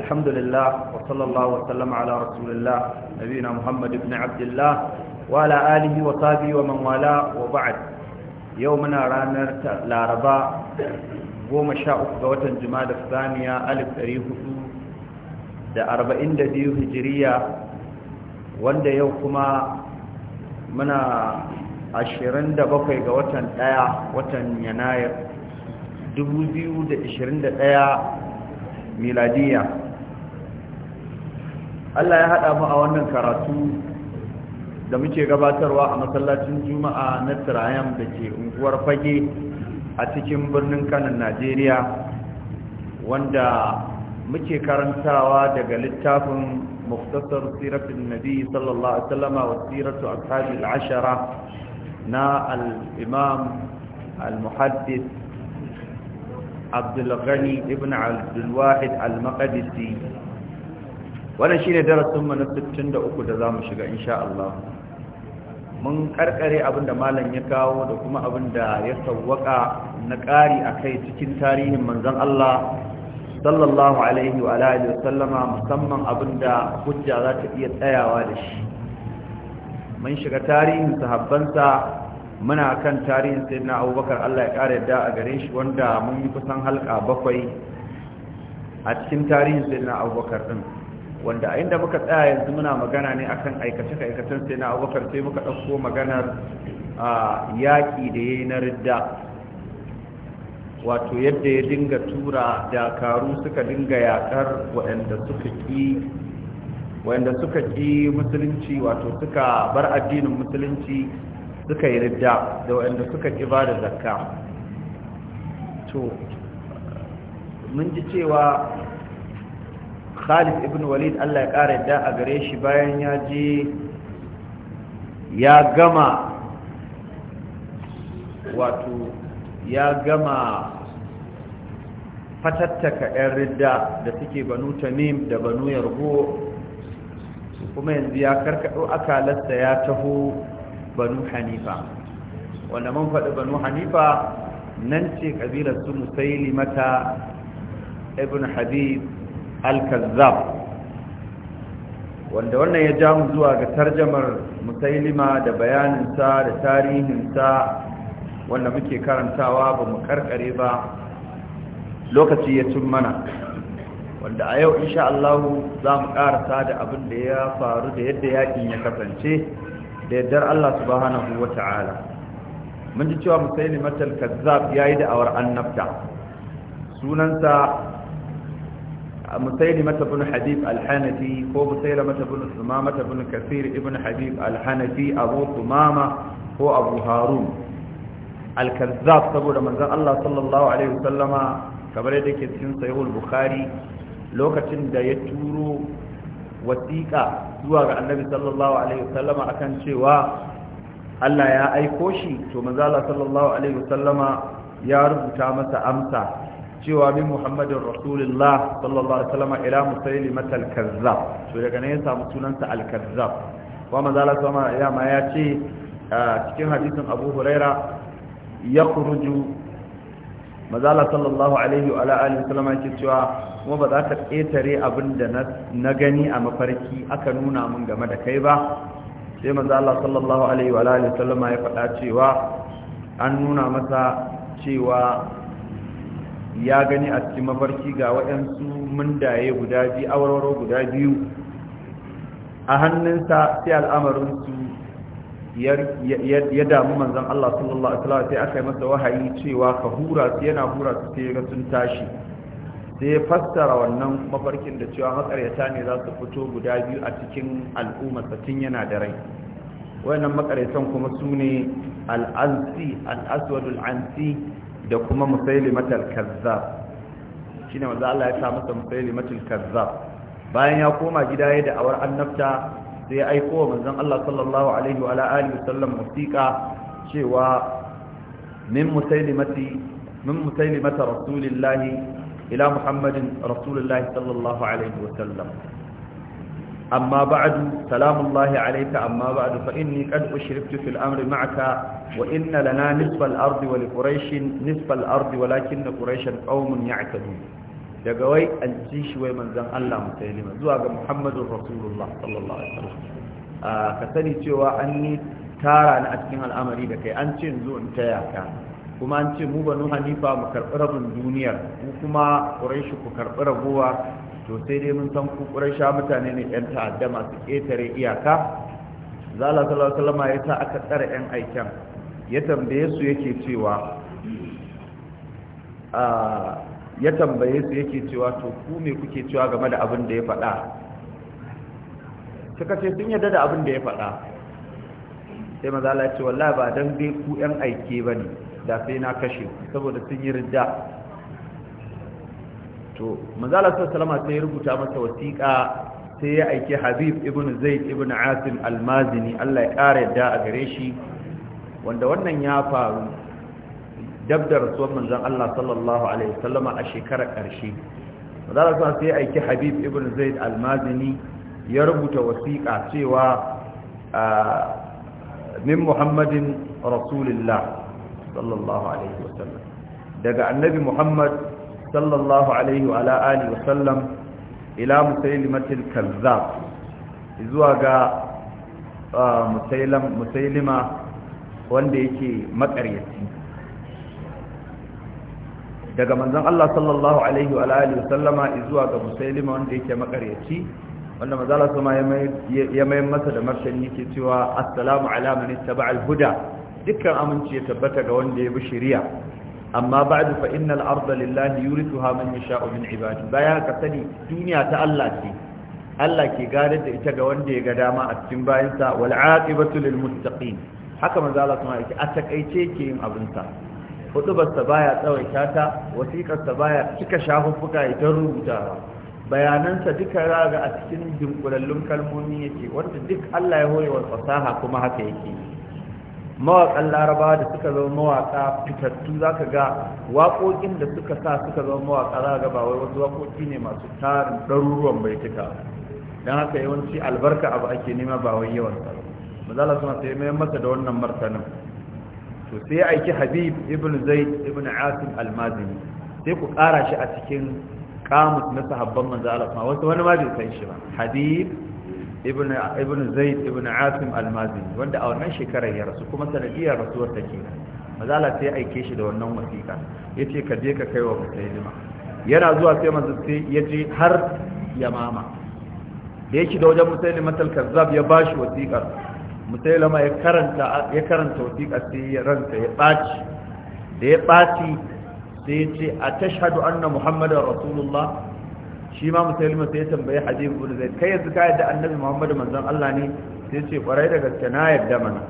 الحمد لله وصلى الله وسلم على رسول الله نبينا محمد بن عبد الله وعلى آله وصحبه ومن والاه وبعد يومنا رانر لاربا goma sha uku ga watan jumada saniya alif ɗari hudu da arba'in da biyu hijiriya wanda yau kuma muna ashirin da bakwai ga watan ɗaya watan yanayar dubu biyu da ashirin da ɗaya miladiya Allah ya haɗa mu a wannan karatu da muke gabatarwa a masallacin juma'a na tirayam da ke unguwar fage a cikin birnin kanan najeriya wanda muke karantawa daga littafin muktasar siratun nabi sallallahu alaihi wa siratu ashabi al'ashara na al-imam al-muhaddis abdulghani ibn abdulwahid al maqadisi wannan shine darasin mu na 63 da zamu shiga insha Allah mun karkare abinda malam ya kawo da kuma abinda ya sawwaka na ƙari akai cikin tarihin manzon Allah sallallahu alaihi wa alihi wasallama musamman abinda hujja za ta iya tsayawa da shi mun shiga tarihin sahabbansa muna kan tarihin sayyidina Abubakar Allah ya kare yadda a gare shi wanda mun yi kusan halka bakwai a cikin tarihin sayyidina Abubakar din wanda a inda muka tsaya yanzu muna magana ne a kan aikace aikacen sai na abubakar sai muka ɗauko maganar yaƙi da ya yi na ridda wato yadda ya dinga tura dakaru suka dinga yaƙar waɗanda suka ƙi musulunci wato suka bar addinin musulunci suka yi ridda da waɗanda suka ƙi ba da zakka to mun ji cewa khalid ibn walid allah ya kara yadda a gare shi bayan ya je ya gama wato ya gama fatattaka 'yan ridda da suke banu tamim da banu yargo kuma yanzu ya karkaɗo akalarsa ya taho banu hanifa wanda mun faɗi banu hanifa nan ce ƙabilar su musaili mata ibn habib al-kazzab wanda wannan ya ja mu zuwa ga tarjamar musailima da bayaninsa da tarihinsa wanda muke karantawa ba mu karkare ba lokaci ya cin mana wanda a yau insha Allah za mu karasa da abin da ya faru da yadda yakin ya kasance da yaddar Allah subhanahu wa ta'ala mun ji cewa musailima tal kazzab yayi da awar annabta sunansa مسيلمة بن حبيب الحنفي هو bin بن ثمامة بن كثير ابن حبيب الحنفي أبو ثمامة هو أبو هارون الكذاب سبول saboda ذا allah sallallahu alaihi عليه وسلم كبري ديك cikin sayyid bukhari lokacin da ya turo wasiƙa zuwa ga annabi sallallahu alaihi wasallama akan cewa Allah ya aiko shi to manzo Allah sallallahu alaihi wasallama ya rubuta masa amsa cewa bi muhammadin rasulullah sallallahu alaihi wasallam ila musaili matal kazzab to daga ne ya samu sunansa al kazzab wa manzala sama ya ma ya ce cikin hadisin abu huraira ya kuruju manzala sallallahu alaihi wa alihi wasallam yake cewa kuma ba za ka ƙetare abin da na gani a mafarki aka nuna mun game da kai ba sai manzala sallallahu alaihi wa alihi wasallam ya faɗa cewa an nuna masa cewa ya gani a cikin mafarki ga waɗansu mundaye guda biyu awarwaro guda biyu a hannunsa sai al'amarinsu ya damu manzan Allah sallallahu Alaihi sai aka yi masa wahayi cewa ka hura su yana hura su sai ga sun tashi sai ya fassara wannan mafarkin da cewa makaryata ne za su fito guda biyu a cikin al'umma satin yana da rai wayannan makaryatan kuma su ne al'ansi al'aswadul ansi da kuma musailimatul kazzab shine manzo Allah ya sa masa musailimatul kazzab bayan ya koma gida yayin da awar annabta sai ya aika wa manzon Allah sallallahu alaihi wa alihi wasallam musiqa cewa min musailimati min musailimata rasulillahi ila muhammadin rasulillahi sallallahu alaihi wa sallam. أما بعد سلام الله عليك أما بعد فإني قد أشرفت في الأمر معك وإن لنا نصف الأرض ولقريش نصف الأرض ولكن قريشا قوم يعتدون daga wai aljishi wai manzan Allah musailima zuwa ga Muhammadun Rasulullah sallallahu alaihi wasallam ka sani cewa an ni tara ni a cikin al'amari da kai an ce zo in taya kuma an ce mu banu Hanifa mu karɓi rabin duniyar mu kuma Quraish ku karɓi ragowa to sai dai mun san kukurar sha mutane ne yan ta'adda masu ƙetare iyaka zala sallallahu alaihi ya sa aka tsara yan aikin ya tambaye su yake cewa ya tambaye su yake cewa to ku me kuke cewa game da abin da ya faɗa suka ce sun yarda da abin da ya faɗa sai maza Allah ya ce wallahi ba dan dai ku yan aike bane da sai na kashe saboda sun yi ridda to manzala sallama sai ya rubuta masa wasiƙa sai ya aike habib ibn zaid ibn asim almazini Allah ya ƙara da a gare shi wanda wannan ya faru dab da rasuwar manzon Allah sallallahu alaihi wasallama a shekarar ƙarshe manzala sallama sai ya aike habib ibn zaid almazini ya rubuta wasiƙa cewa min muhammadin rasulillah sallallahu alaihi wasallam daga annabi muhammad صلى الله عليه وعلى آله وسلم إلى مسيلمة الكذاب إذوها مسيلم مسيلمة wanda yake makaryaci daga manzon Allah sallallahu alaihi wa alihi sallama zuwa ga musailima wanda yake makaryaci wanda manzon Allah sama ya mai masa da martani yake cewa assalamu ala man ittaba al-huda dukkan aminci ya tabbata ga wanda ya bi shari'a amma ba'du fa inna arda lillahi yurithuha man yasha'u min ibadi Bayan ka sani duniya ta Allah ce Allah ke gadar da ita ga wanda ya ga dama a cikin bayansa wal aqibatu lil muttaqin haka maza Allah kuma yake a takaice ke yin abin sa hudubar sa baya tsawaita ta wasiƙar sa baya cika shafuffuka ta rubuta bayanansa duka raga a cikin dunkulallun kalmomi yake wanda duk Allah ya hori wa fasaha kuma haka yake mawakan laraba da suka zama mawaƙa fitattu za ka ga waƙoƙin da suka sa suka zama mawaƙa za ga ba wai wasu waƙoƙi ne masu tarin ɗaruruwan bai tuka don haka yawanci albarka abu ake nema ba wai yawan ba za suna sai masa da wannan martanin to sai ya aiki habib ibn zaid ibn asim almazini sai ku ƙara shi a cikin kamus na sahabban manzo Allah wasu wani ma bai san shi ba habib ibn zaid ibn asim almazini wanda a wannan shekarar ya rasu kuma sanadiyar rasuwar ta ke mazala sai aike shi da wannan wasiƙa ya ce ka je ka kai wa musailima yana zuwa sai manzo sai ya je har yamama da ya da wajen musailima talkazzab ya ba shi wasiƙar musailima ya karanta wasikar sai ransa ya ɓaci da ya ɓaci sai ya ce a tashhadu anna muhammadar rasulullah shi ma musulmi sai ya tambayi hadith ibn zaid kai yanzu ka da annabi muhammad manzon Allah ne sai ce kwarai da gaske na yadda mana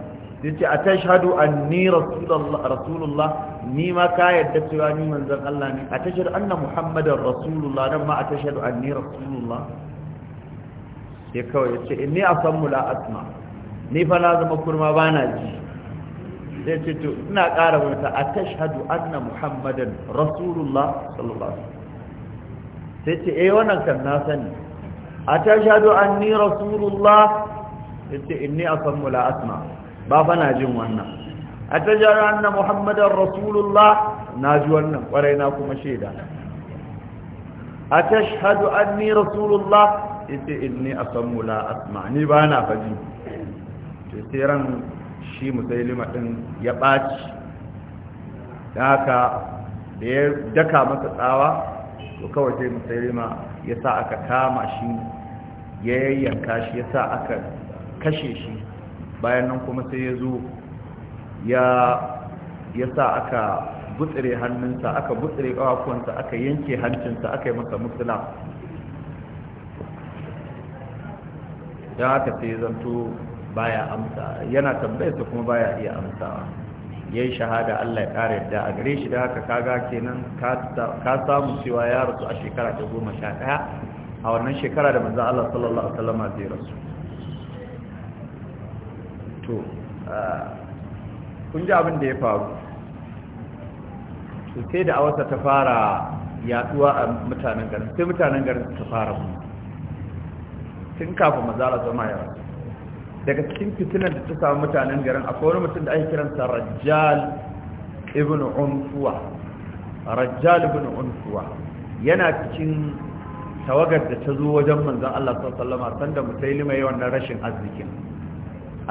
sai ce a tashhadu anni rasulullah rasulullah ni ma ka yadda cewa ni manzon Allah ne a tashhadu anna muhammadan rasulullah dan ma a tashhadu anni rasulullah sai kawai ya ce inni asammu la asma ni fa na zama kurma bana ji sai ce to ina ƙara wata a tashhadu anna muhammadan rasulullah sallallahu alaihi wasallam sai ce eh wannan kan na sani a atashhadu anni rasulullah ni a san la asma ba fa na jin wannan a atashhadu anna muhammadar rasulullah na ji wannan kwarai na kuma shaida a atashhadu anni rasulullah yace inni asammu la asma ni ba na faji to sai ran shi musailima ɗin ya ɓaci da haka da ya daka masa tsawa to kawai sai musailima ya sa aka kama shi ya yayyanka shi ya sa aka kashe shi bayan nan kuma sai ya zo ya sa aka butsire hannunsa aka butsire kawakuwansa aka yanke hancinsa aka yi masa musulam don haka sai zanto baya amsa yana tambayarsa kuma baya iya amsawa ya yi shahada Allah ya ƙara yadda a gare shi da haka kaga kenan ka samu cewa ya rasu a shekara ta goma sha ɗaya a wannan shekara da manzan Allah sallallahu Alaihi wasallama zai rasu to kun ji abin da ya faru to sai da wasa ta fara yaduwa a mutanen garin sai mutanen garin ta fara mu tun kafin manzan Allah sallallahu ya daga cikin fitinan da ta samu mutanen garin akwai wani mutum da ake kiransa rajjal ibn unfuwa rajjal ibn unfuwa yana cikin tawagar da ta zo wajen manzon Allah sallallahu alaihi wasallam sanda musailima yayin wannan rashin arzikin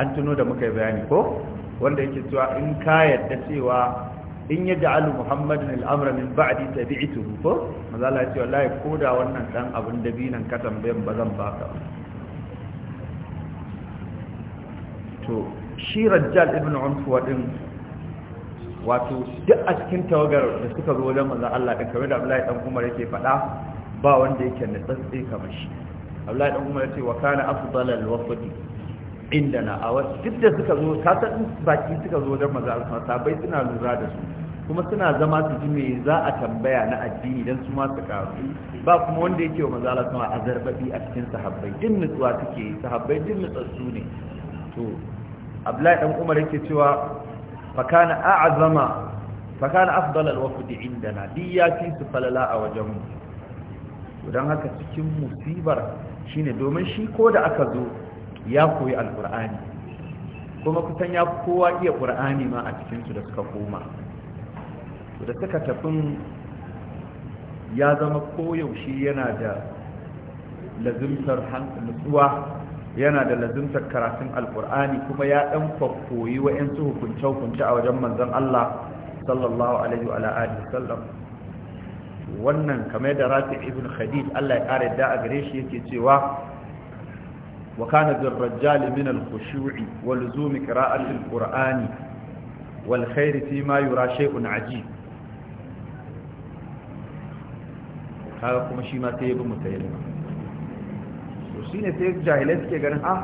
an tuno da muka bayani ko wanda yake cewa in ka yadda cewa in ya ja'alu muhammadin amra min ba'di tabi'ituhu ko mazala ya ce wallahi koda wannan dan abin dabinan ka tambayan ba zan baka to shi rajjal ibn unfuwa din wato duk a cikin tawagar da suka zo wajen manzon Allah din kamar da Abdullahi dan Umar yake faɗa ba wanda yake da tsatsi kamar shi Abdullahi dan Umar yace wa kana afdal al-wafd indana a duk da suka zo ka san baki suka zo wajen manzon Allah sabai suna lura da su kuma suna zama su ji me za a tambaya na addini dan su ma su karu ba kuma wanda yake wa manzon Allah a zarbabi a cikin sahabbai din nutsuwa suke sahabbai din nutsatsu ne to abdullahi dan umar yake cewa fakana a'zama fakana afdal alwafd indana diyati su falala a wajen mu to dan haka cikin musibar shine domin shi ko da aka zo ya koyi alqur'ani kuma kusan ya kowa iya qur'ani ma a cikin su da suka koma to da suka tafin ya zama koyaushe yana da lazimtar nutsuwa yana da lazimtar karatun alkur'ani kuma ya dan koyi wa'yansu hukunce-hukunce a wajen manzon Allah sallallahu alaihi wa alihi sallam wannan kamar da rafi ibn khadid Allah ya kare da a gare shi yake cewa wa kana bil rajjal min al khushu'i wa luzum qira'ati al qur'ani wal khair fi ma yura shay'un ajib kaga kuma shi ma sai ya bi mutayyima to ne sai jahilai suke ganin ha ah,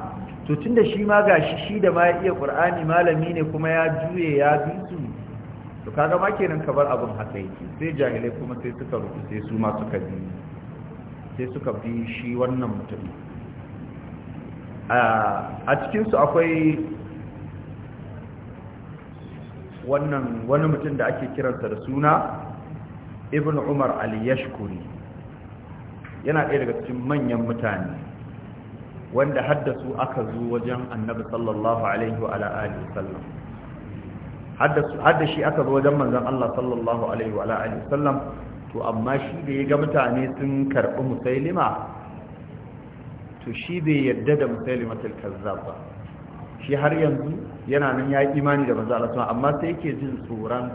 to tun da shi ma ga shi shi da ma ya iya qur'ani malami ne kuma ya juye ya bi su to kaga ma kenan kabar abin haka yake sai jahilai kuma sai suka rufe sai su ma suka bi sai suka bi shi wannan mutum a cikinsu akwai wannan wani mutum da ake kiransa da suna ibn umar ali yashkuri yana ɗaya daga cikin manyan mutane wanda haddasu aka zo wajen annabi sallallahu alaihi wa alihi sallam haddashi aka zo wajen manzon Allah sallallahu alaihi wa alihi sallam to amma shi da ya ga mutane sun karbi musailima to shi bai yadda da musailimatul kazzab ba shi har yanzu yana nan ya yi imani da manzon Allah amma sai yake jin tsoron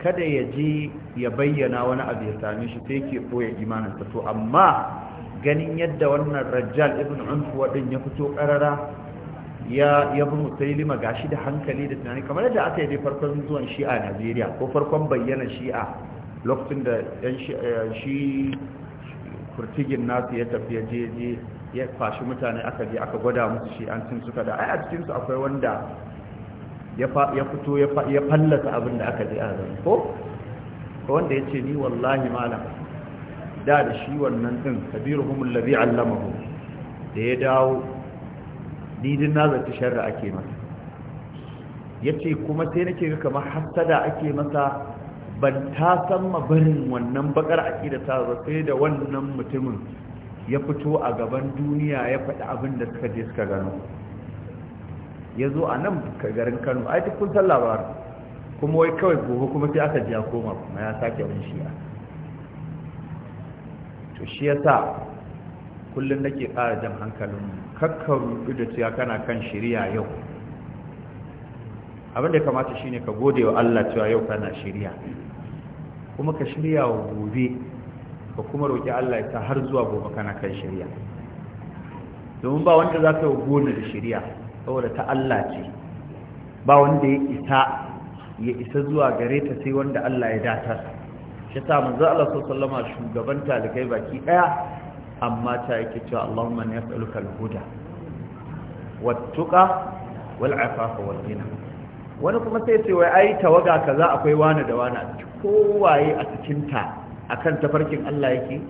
kada ya je ya bayyana wani abu ya same shi sai yake koya imaninsa to amma ganin yadda wannan rajjal ibn unfuwa wadin ya fito karara ya yabi musailima gashi da hankali da tunani kamar yadda aka yi dai farkon zuwan shi'a a najeriya ko farkon bayyana shi'a lokacin da yan shi eh, kurtigin nasu ya tafi ya je ya fashi mutane aka je aka gwada musu shi'ancin suka da ai a cikinsu akwai wanda ya fito ya fallasa abin da aka je a zama ko wanda ya ce ni wallahi malam da da shi wannan din kabiruhum allazi allamahu da ya dawo didin zata sharri ake masa yace kuma sai nake ga kamar hasada ake masa ban ta san barin wannan bakar aqida ta ba sai da wannan mutumin ya fito a gaban duniya ya faɗi abin da suka je suka gano ya zo a nan ka garin kano ai duk kun san labarin kuma wai kawai gobe kuma sai aka ji ya koma kuma ya sake wani shi'a to shi yasa kullum nake ƙara jan hankalin kakkaru da cewa kana kan shirya yau abin da kamata shine ka gode wa Allah cewa yau kana shirya kuma ka shirya wa gobe ka kuma roƙi Allah ya ta har zuwa gobe kana kan shirya domin ba wanda za ka yi gona da shirya saboda ta Allah ce ba wanda ya isa ya isa zuwa gare ta sai wanda Allah ya datar shi ta manzo Allah sallallahu alaihi shugaban talikai baki daya amma ta yake cewa Allahumma inni as'aluka al-huda wat-tuqa wal-afafa wal-ghina wani kuma sai ce wai ai tawaga kaza akwai wani da wani kowaye a cikin ta akan tafarkin Allah yake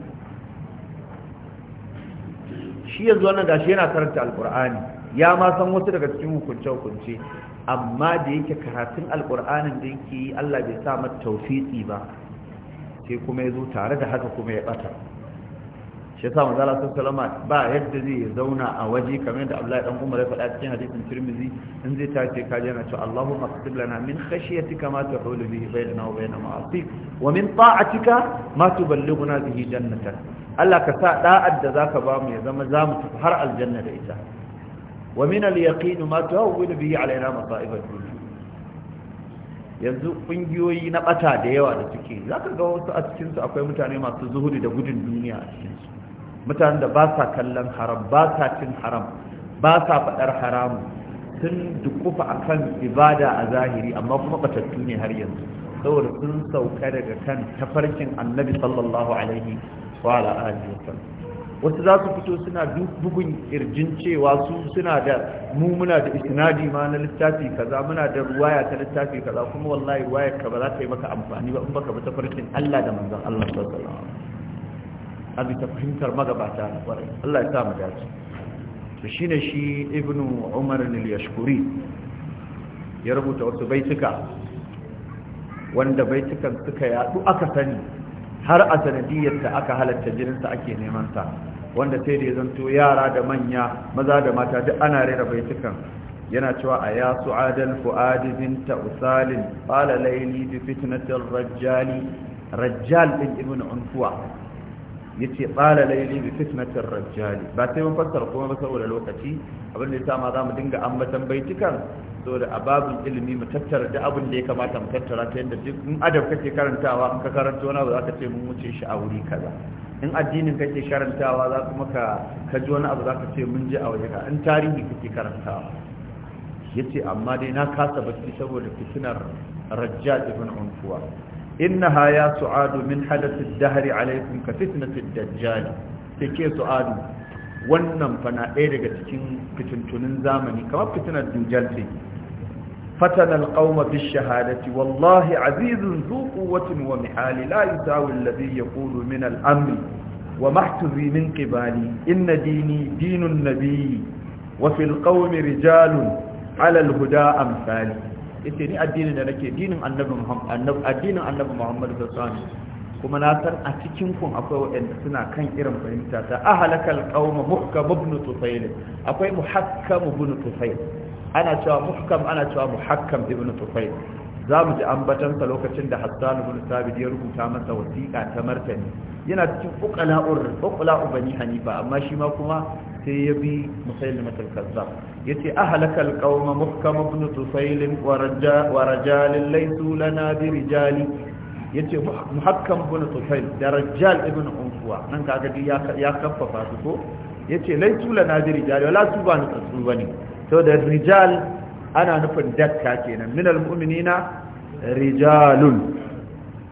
shi yanzu wannan gashi yana karanta alqur'ani ya ma san wasu daga cikin hukunce-hukunce amma da yake karatun alqur'anin da yake Allah bai sa mata tawfiqi ba sai kuma ya zo tare da haka kuma ya bata shi sa manzo Allah sallallahu ba yadda zai ya zauna a waje kamar da Abdullahi dan Umar ya faɗa cikin hadisin Tirmidhi in zai tace kaje yana cewa Allahumma qtib lana min khashyatika ma tahulu bihi bainana wa bain ma'asik wa min ta'atika ma tuballighuna bihi jannatak Allah ka sa da'ad da zaka ba mu ya zama za mu tafi har aljanna da ita wa min al-yaqin ma tahawwil bihi alaina masa'ib ad-dunya yanzu kungiyoyi na bata da yawa da suke za ka ga wasu a cikinsu akwai mutane masu zuhudi da gudun duniya a cikinsu mutane da ba sa kallon haram ba sa cin haram ba sa faɗar haramu sun dukufa a kan ibada a zahiri amma kuma batattu ne har yanzu saboda sun sauka daga kan tafarkin annabi sallallahu alaihi wa alihi wa sallam wasu za su fito suna bugun irjin cewa su suna da mu muna da isnadi ma na littafi kaza muna da ruwaya ta littafi kaza kuma wallahi ruwayar ka ba za ta yi maka amfani ba in baka bi tafarkin Allah da manzon Allah sallallahu alaihi wasallam abi ta fahimtar magabata na kwarai Allah ya sa mu dace to shine shi ibnu umar al-yashkuri ya rubuta wasu baituka wanda baitukan suka yadu aka sani har a sanadiyar ta aka halatta jininsa ake neman ta wanda sai da ya zanto yara da manya maza da mata duk ana rera baitukan yana cewa a ya adal fu'adi binta usalin qala layli bi fitnatir rajjali rajjal bin ibnu unfuwa yace qala laili bi fitnatir rajali ba sai mun fassara kuma ba saboda lokaci abin da yasa ma mu dinga ambatan baitikan saboda a ababin ilimi mu tattara da abin da ya kamata mu tattara ta yanda duk in adab kake karantawa in ka karanto wani abu ka ce mun wuce shi a wuri kaza in addinin kake karantawa za kuma ka ji wani abu ka ce mun je a waje ka in tarihi kake karantawa yace amma dai na kasa bacci saboda fitinar rajjaj ibn unfuwa انها يا سعاد من حدث الدهر عليكم كفتنه الدجال تكي سعاد wannan fana daga cikin fitintunin zamani kamar fitinar dujjal ce fatan alƙawma fi shahadati wallahi azizun zuƙu watin wa mihali la yi sawun lafi ya wa mahtuzi min ƙibali inna dini dinun nabi wa filƙawmi rijalun alal huda amsali yace ni addinin da nake dinin annabi Muhammad addinin annabi Muhammad sallallahu alaihi kuma na san a cikin kun akwai waɗanda suna kan irin fahimta ta ahalakal qauma muhkam ibn tufail akwai muhakkam ibn tufail ana cewa muhkam ana cewa muhakkam ibn tufail za mu ji ambatansa lokacin da hassan ibn sabit ya rubuta masa wasiƙa ta martani yana cikin uqala'ur uqala'u bani hanifa amma shi ma kuma sai ya bi musaylimat al-kazzab yace ahlaka al-qaum muhkam ibn tufayl wa raja wa rajal laysu lana bi rijali yace muhakkam ibn Tufail, da rajal ibn unfuwa nan kaga ya ya kaffafa su ko yace laysu lana bi rijali wala su ba ni tsuba ne to da rijal ana nufin dakka kenan minal mu'minina rijalun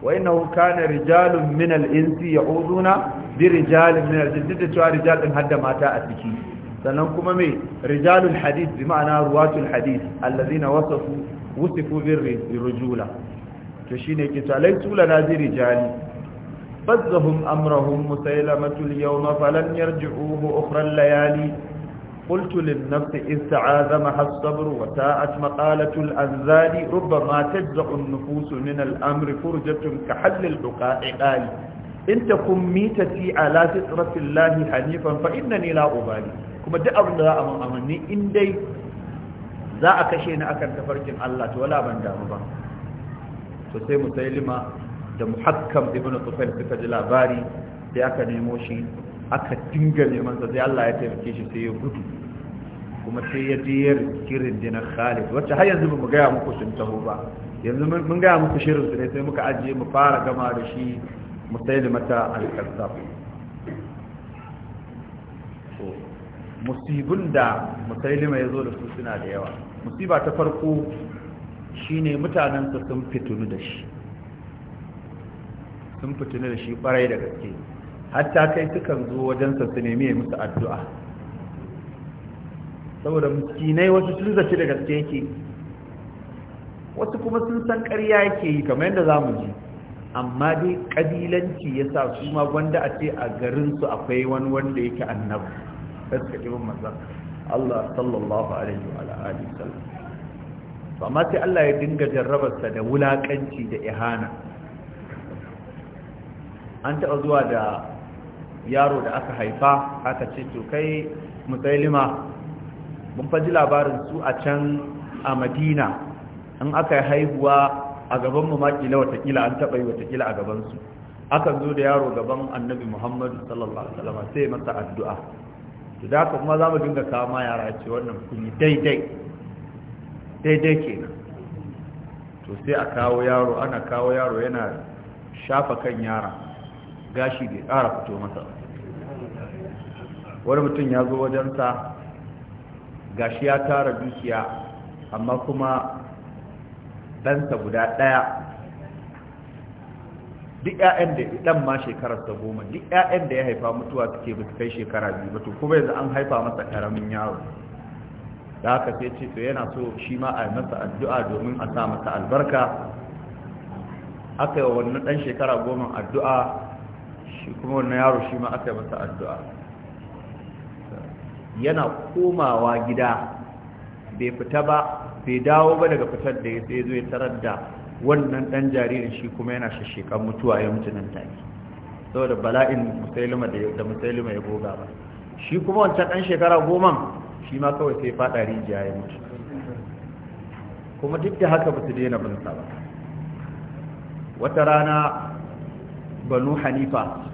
wa innahu kana rijalun minal insi ya'uduna bi rijalin minal jinn da rijal din hadda mata a ciki sannan kuma me rijalul hadith bi ma'ana ruwatul hadith allazina wasafu wusifu bir rujula to shine ke talai tula bi rijali? fazzahum amrahum musailamatu yawma falan yarji'uhu ukhra al-layali قلت للنفس إذ تعاذمها الصبر وتاءت مقالة الأنزال ربما تجزع النفوس من الأمر فرجة كحل العقائقال إن تكن ميتتي على فطرة الله حنيفا فإنني لا أبالي كما دع الله أمام أمني إن دي za a kashe ni akan tafarkin Allah to wala ban damu ba to sai musailima da muhakkam ibnu tufail suka ji labari sai aka nemo shi aka dinga neman sa sai Allah ya taimake shi sai ya gudu kuma sai ya je ya kirin rundunar Khalid wacce har yanzu mu ga muku sun taho ba yanzu mun gaya muku shirin su ne sai muka ajiye mu fara gama da shi mu sai mata al-kazzab musibun da musailima ya zo da su suna da yawa musiba ta farko shine mutanensa sun fitunu da shi sun fitunu da shi barai da gaske hatta kai sukan zo wajensa su nemi ya musu addu'a saboda miskinai wasu sun zaci da gaske yake wasu kuma sun san ƙarya yake yi kamar yadda za mu ji amma dai ƙabilanci ya sa su ma gwanda a ce a garinsu akwai wani wanda yake annabi suka ƙirin manzan Allah sallallahu alaihi wa alihi sallam amma sai Allah ya dinga jarrabarsa da wulakanci da ihana an taɓa zuwa da yaro da aka haifa aka ce to kai musailima mun faji labarin su a can a madina An aka haihuwa a gaban mu makila watakila an taɓa yi watakila a gabansu akan zo da yaro gaban annabi muhammadu sallallahu alaihi wasallam sai masa addu'a to da haka kuma za mu dinga kawo ma yara ce wannan kun yi daidai daidai kenan to sai a kawo yaro ana kawo yaro yana shafa kan yara gashi bai ƙara fito masa wani mutum ya zo wajensa gashi ya tara dukiya amma kuma ɗansa guda ɗaya duk ƴaƴan da ɗan ma shekarar ta goma duk ƴaƴan da ya haifa mutuwa suke ba kai shekara biyu ba to kuma yanzu an haifa masa ƙaramin yaro da haka sai ce to yana so shi ma a masa addu'a domin a sa masa albarka aka yi wa wannan ɗan shekara goma addu'a shi kuma wannan yaro shi ma aka masa addu'a yana komawa gida bai fita ba bai dawo ba daga fitar da ya sai zo ya tarar da wannan dan jaririn shi kuma yana shashekan mutuwa ya mutu nan take saboda bala'in da musailima ya goga ba shi kuma wancan dan shekara goma shi ma kawai sai fada rijiya ya mutu kuma duk da haka ba su daina bin ba wata rana banu hanifa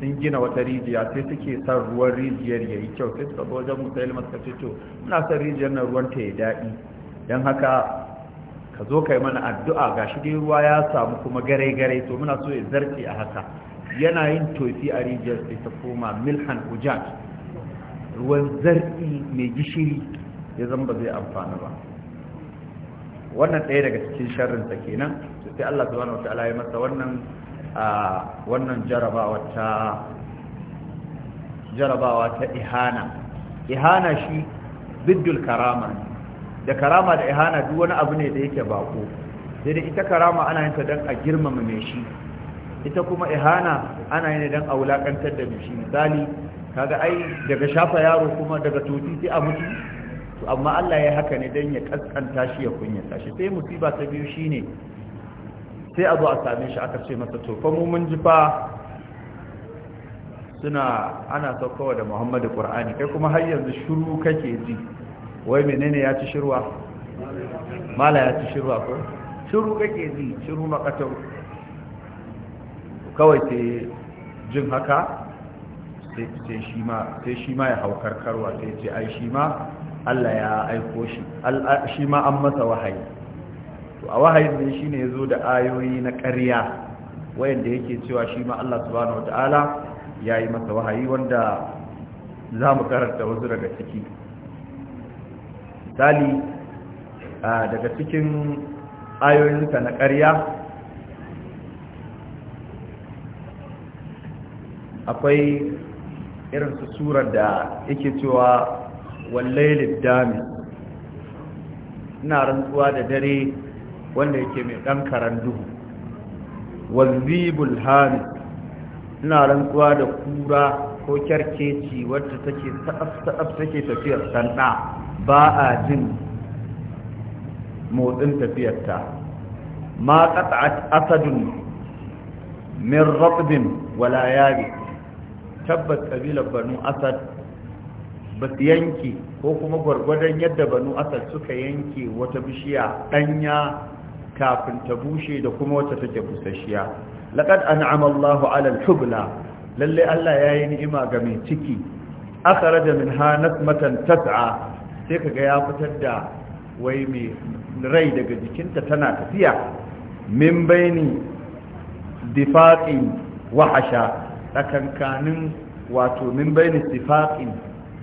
sun gina wata rijiya sai suke san ruwan rijiyar ya yi kyau sai suka wajen musulman suka ce to muna son rijiyar na ruwan ta ya daɗi don haka ka zo ka yi mana addu'a ga shi dai ruwa ya samu kuma gare-gare to muna so ya zarce a haka yana yin tofi a rijiyar sai ta koma milhan ujan ruwan zarfi mai gishiri ya zama ba zai amfana ba wannan ɗaya daga cikin sharrinsa kenan sai Allah subhanahu wa ta'ala ya masa wannan a wannan jarabawa ta jarabawa ta ihana ihana shi biddul karama da karama da ihana duk wani abu ne da yake bako sai da ita karama ana yin ta don a girmama mai shi ita kuma ihana ana yin don a wulakantar da mai shi misali kaga ai daga shafa yaro kuma daga toti sai a mutu to amma Allah ya haka ne don ya kaskanta shi ya kunyata shi sai musiba ta biyu shine sai a zo a same shi aka ce masa to fa mu mun ji fa suna ana saukowa da muhammadu ƙur'ani kai kuma har yanzu shiru kake ji wai menene ya ci shirwa mala ya ci shirwa ko shiru kake ji shiru makatar kawai sai jin haka sai shi ma ya hau karkarwa sai ce ai shi ma allah ya aiko shi shi ma an masa wahayi to a wahayin da ya zo da ayoyi na ƙarya wayanda yake cewa shi ma Allah subhanahu wataala yi masa wahayi wanda za mu karanta wasu daga ciki misali daga cikin ayoyinsa na ƙarya akwai irin su surar da yake cewa wallailin dami ina rantsuwa da dare wanda yake mai ɗan karan duhu wazibul ina rantsuwa da kura ko kyarkeci wadda take ta'af take tafiyar sanda ba a jin motsin tafiyarta ma qat'at asadun min ratbin wala yabi tabbas kabilar banu asad ba su yanke ko kuma gwargwadon yadda banu asad suka yanke wata bishiya Ɗanya. kafin ta bushe da kuma wata take busasshiya laqad an'ama Allahu 'ala al-hubla lalle Allah yayi ni'ima ga mai ciki akhraja minha nasmatan tas'a sai kaga ya fitar da wai mai rai daga jikinta tana tafiya min baini difaqin wahasha hasha wato min baini difaqin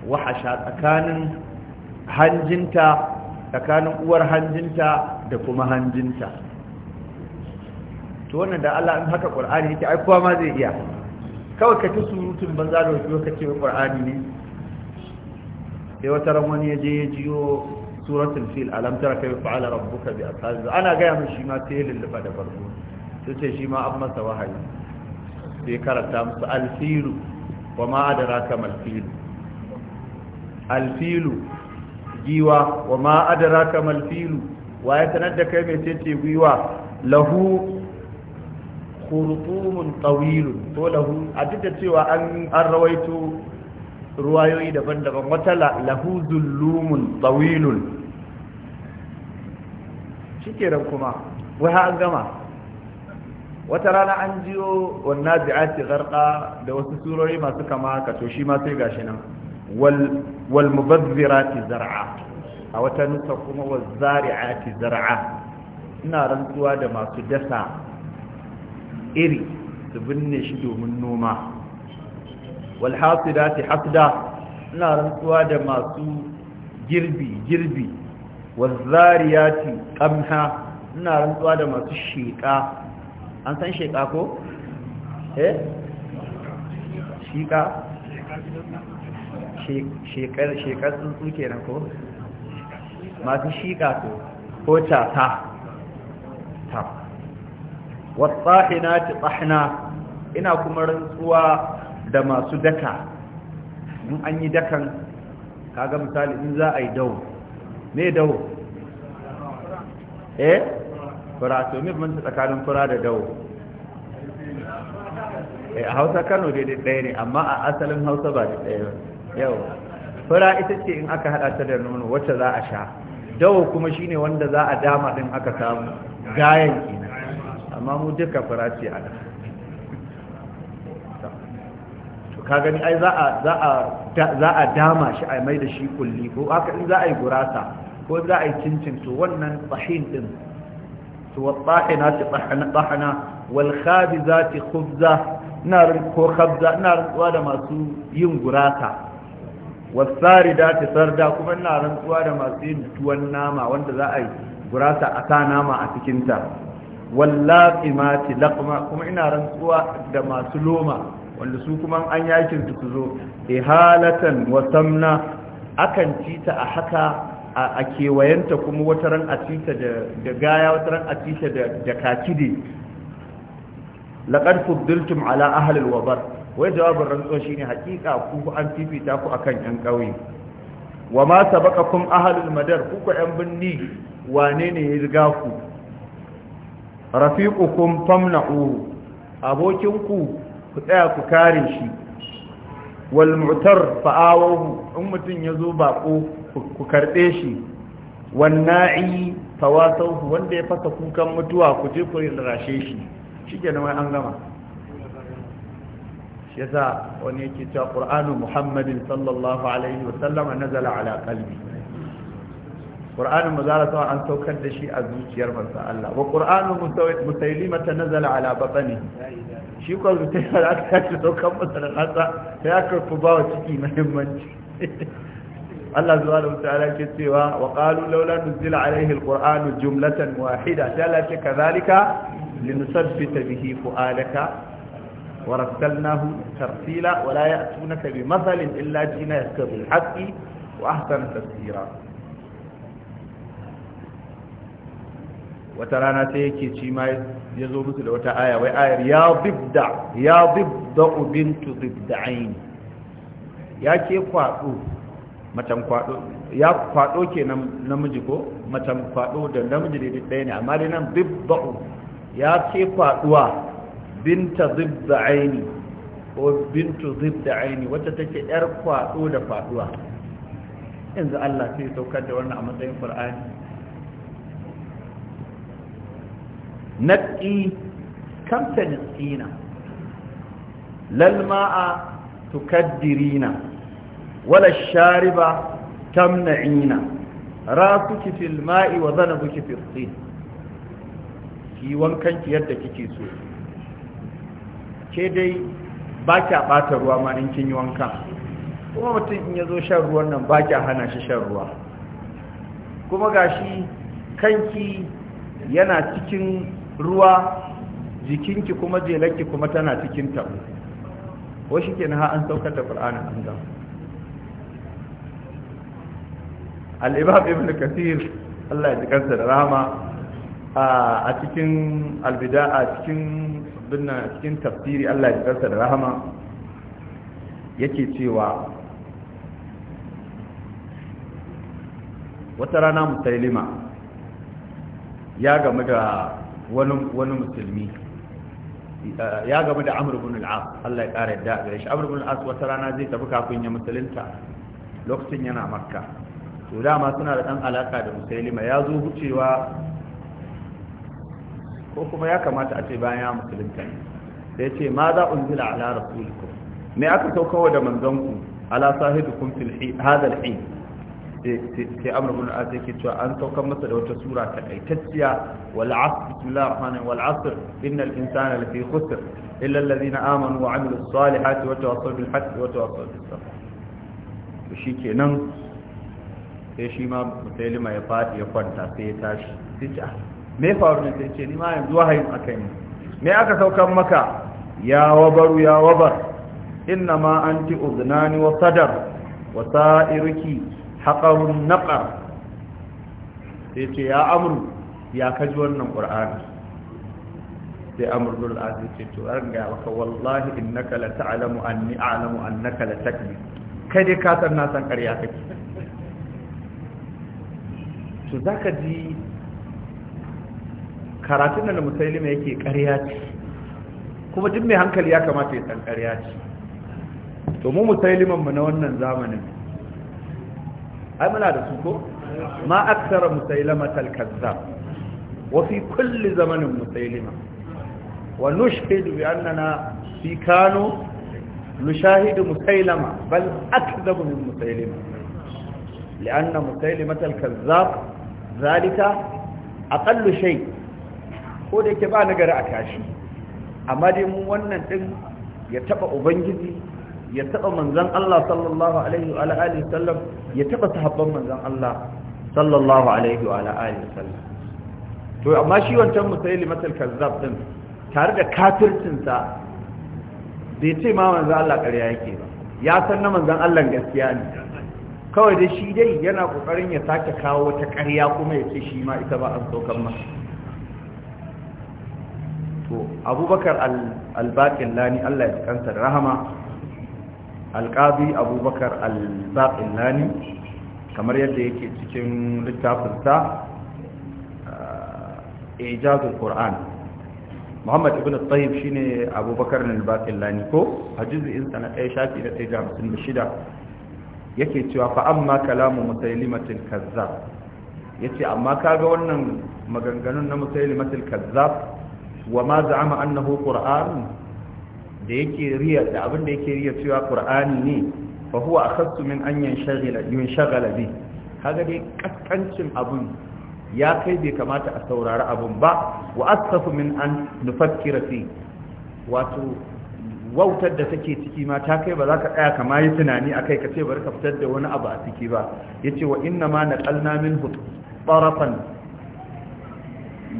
wa hasha tsakanin hanjinta tsakanin uwar hanjinta da kuma hanjinta to wannan da Allah in haka Qur'ani yake ai kowa ma zai iya kawai ka ci surutun banza da wasu ka ce Qur'ani ne sai wata ran wani ya je ya jiyo suratul fil alam tara kai fa'ala rabbuka bi ashabi ana ga ya shi ma sai lulluba da farko sai ce shi ma an masa wahayi sai karanta musu alfilu wa ma adraka mal filu alfilu giwa wa ma adraka mal filu wa ya sanar da kai mai cece gwiwa lahu khurtumun tawilun to lahu a duk da cewa an an rawaito ruwayoyi daban-daban wata lahu zullumun tawilun ran kuma wai ha an gama wata rana an jiyo wannan zi'ati garka da wasu surori masu kama haka to shi ma sai gashi nan wal mubazzirati zar'a a wata nuka kuma wa zari'ati zar'a ina rantsuwa da masu dasa iri su binne shi domin noma wal hasidati hasda ina rantsuwa da masu girbi girbi wa zariyati kamha ina rantsuwa da masu sheka an san sheka ko eh sheka shekar tsuntsu kenan ko masu shiƙa su ko cata ta wasa'ina ci tsahina ina kuma rantsuwa da masu daka in an yi dakan kaga misali in za a yi dawo ne dawo eh fura to mai manta tsakanin fura da dawo eh, a hausa kano daidai ɗaya ne amma a asalin hausa ba da ɗaya yau fura ita ce in aka haɗa ta da nono wacce za a sha dawo kuma shine wanda za a dama din aka samu gayan kenan amma mu duka farace a to ka gani ai za a za a za a dama shi a mai da shi kulli ko aka in za a yi gurasa ko za a yi cincin to wannan tahin din to na tahana tahana wal khabizati khubza nar ko khabza nar wa da masu yin gurasa wasari da ta sarda kuma ina rantsuwa da masu yin tuwon nama wanda za a yi gurasa a sa nama a cikinta wallafi ma tilakma kuma ina rantsuwa da masu loma wanda su kuma an yakin su su zo ihalatan samna akan ta a haka a kewayenta kuma wata ran a cita da gaya wata ran a cita da kakide laƙar fubdiltum ala ahalil wabar wai jawabin rantsuwa ne hakika ku an fifita ku akan yan ƙauye wa ma kun ahalul madar ku yan birni? wane ne ya riga ku kun famna famna'u abokin ku ku tsaya ku kare shi wal mu'tar fa'awahu in ya zo bako ku karɓe shi wan na'i tawasawhu wanda ya fasa kukan mutuwa ku je ku rashe shi shi wai an gama shi yasa wani yake cewa qur'anu muhammadin sallallahu alaihi wasallam nazala ala qalbi qur'anu mazara sa an saukar da shi a zuciyar manzo Allah wa qur'anu musailima nazala ala batni shi ko zuciya da aka ci saukar masa da hatsa sai aka fi ba wa ciki muhimmanci Allah subhanahu wa ala ke cewa wa qalu laula nuzila alaihi alqur'anu jumlatan wahida sai Allah ce kazalika linusabbita bihi fu'alaka ورسلناه ترسيلا ولا يأتونك بمثل إلا جئناك بالحق وأحسن تفسيرا wata rana sai yake ci ma ya musu da wata aya ya zibda ubintu zibda'ain ya ke ya kwado ke namiji ko macen kwado da namiji da ɗaya ne amma dai ya ke kwaduwa binta zibda aini ko bintu zibda aini wata take yar kwado da faduwa yanzu Allah sai saukar da wannan a matsayin Qur'ani naqi kam tanqina lal ma'a tukaddirina wala shariba tamna'ina rasuki fil ma'i wa zanabuki fil tin ki wankan ki yadda kike so ke dai ba kya ɓata ruwa ma in kin yi wanka kuma mutum in ya zo shan ruwan nan ba kya hana shi shan ruwa kuma gashi kanki yana cikin ruwa jikinki kuma jelarki kuma tana cikin tabo ko shi ke na an saukar da ƙur'anin an gama al'ibab ibn kathir allah ya jikarsa da rahama a cikin albida a cikin binna cikin tafsiri Allah ya karsa da rahama yake cewa wata rana musailima ya gamu da wani musulmi ya gamu da amur al al'as Allah ya kare da ga shi amur al al'as wata rana zai tafi kafin ya musulunta lokacin yana makka to dama suna da dan alaka da musailima ya zo hucewa ko kuma ya kamata a ce bayan ya musulunta sai ce ma za unzila ala rasulikum me aka saukawa da manzonku ala sahibikum fil hadha al hin sai amr ibn al-as yake cewa an saukar masa da wata sura ta kaitacciya wal asr bismillahir rahmanir wal asr innal insana lafi khusr illa alladhina amanu wa amilus salihati wa tawassaw bil haqqi wa tawassaw bis sabr to shikenan sai shi ma musailima ya fadi ya kwanta sai ya tashi sai ah, me faru ne sai ce ni ma yanzu wahayin akai mu me aka saukan maka ya wabaru ya wabar inna ma anti uznani wa sadar wa sa'iruki haqarun naqar sai ce ya amru ya kaji wannan qur'ani sai amru dul aziz ce to an ga maka wallahi innaka la ta'lamu anni a'lamu annaka la takzib kai dai ka san na san ƙarya kake to zaka ji karatun da musulmi yake ƙarya ce kuma duk mai hankali ya kamata ya san ƙarya ce to mu musulman na wannan zamanin ai muna da su ko ma aksara musulmatal kazzab wa fi kulli zamanin musulma wa nushhidu bi annana fi kano nushahidu musulma bal akdhabu min musulma لأن مسيلمة الكذاب ذلك أقل شيء ko da yake ba nagari a kashi. amma dai mu wannan din ya taba ubangiji ya taba manzon Allah sallallahu alaihi wa alihi sallam ya taba sahabban manzon Allah sallallahu alaihi wa alihi sallam to amma shi wancan musailimatul kazzab din tare da kafircin sa bai ce ma manzon Allah ƙarya yake ba ya san na manzon Allah gaskiya ne kawai da shi dai yana kokarin ya sake kawo wata ƙarya kuma ya ce shi ma ita ba an saukan masa abubakar albaƙin lani allah ya kansa da rahama alƙazi abubakar albaƙin lani kamar yadda yake cikin littafinsa eh, ijazul qur'an muhammad ibn al-tayyib shine abubakar al-baƙin lani ko hajizi in sana ɗaya shafi na ɗaya hamsin da shida yake cewa fa amma kalamu musailimatil kazzab yace amma kaga wannan maganganun na musailimatil kazzab wa ma za'ama annahu qur'an da yake riya da abin da yake riya cewa qur'ani ne fa huwa akhassu min an yanshaghala yanshaghala bi kaga dai kaskancin abun ya kai bai kamata a saurari abun ba wa asafu min an nufakkira fi wato wautar da take ciki ma ta kai ba za ka tsaya kama yi tunani a kai ka ce bari ka fitar da wani abu a ciki ba ya ce wa inna ma na ƙalna min tsarafan